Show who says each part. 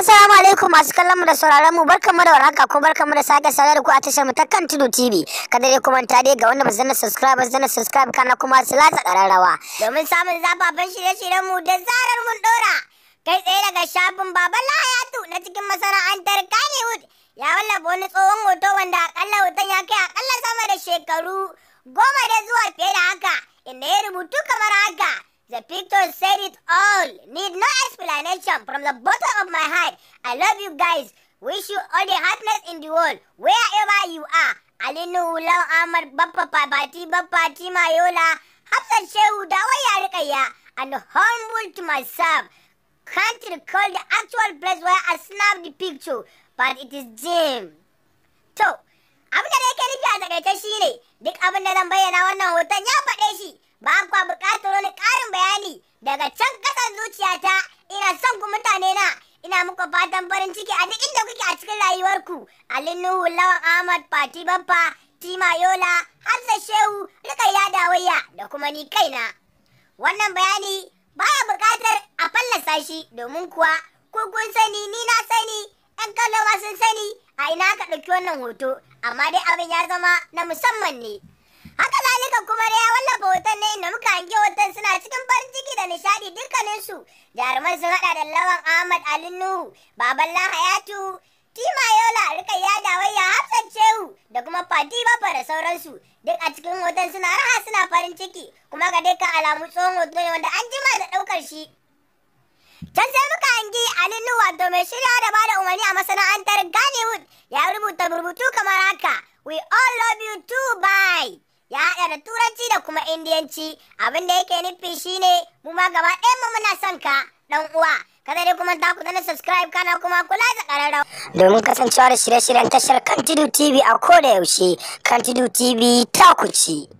Speaker 1: Assalamu alaikum masu kallon mu da sauraron mu barkamu da warhaka ko barkamu da sake saurare da ku a tashar mu ta kan Tudu TV. Kada dai kuma ta dai ga wanda ba zanna subscribe zanna subscribe kana kuma su latsa kararrawa. Domin samun zafafan shirye-shiryen mu da zarar mun dora. Kai tsaye daga shafin Baba Lahayatu na cikin masana'antar Kannywood ya wallafa wani tsohon hoto wanda akalla hoton ya kai akalla sama da shekaru goma da zuwa fiye da haka inda ya rubutu kamar haka. The pictures said it all. Need no Nation from the bottom of my heart. I love you guys. Wish you all the happiness in the world, wherever you are. Alinu Ulau Ahmad Bappa Babati Bappa Timayola Hafsan Shehu Dawaya Rikaya and humble to myself. Can't recall the actual place where I snapped the picture, but it is Jim. So, abin da yake nufi a takaice shi ne duk abin da zan bayyana wannan hoton ya faɗe shi ba kwa buƙatar wani ƙarin bayani daga can ƙasan zuciyata ina son ku mutane na ina muku fatan farin ciki a duk inda kuke a cikin rayuwarku alin nuhu lawan ahmad fati baffa tima yola hamza shehu ya dawayya da kuma ni kaina wannan bayani baya buƙatar a fallasa shi domin kuwa ku kun sani ni na sani yan kallo ma sun sani a ina ka ɗauki wannan hoto amma dai abin ya zama na musamman ne haka zalika kuma da ya wallafa hoton ne inda muka hange hoton suna cikin nishadi dukkaninsu jaruman sun hada da lawan ahmad ali nuhu baballa hayatu tima yola rikayya dawayya hafsan cehu da kuma fati bafa da sauransu duk a cikin hoton suna raha suna farin ciki kuma ga kan alamu tsohon hoton wanda an jima da daukar shi can sai muka hangi alinu nuhu wato mai shirya da bada umarni a masana'antar ganewood ya rubuta rubutu kamar haka we all love you too bye ya haɗa da turanci da kuma indiyanci abin da yake nufi shine mu ma gaba ɗayan mu muna son ka dan uwa kada dai kuma ta ku na subscribe kana kuma kula da ƙararrawa domin kasancewa da shirye-shiryen tashar Kantidu TV a koda yaushe Kantidu TV ta ku ci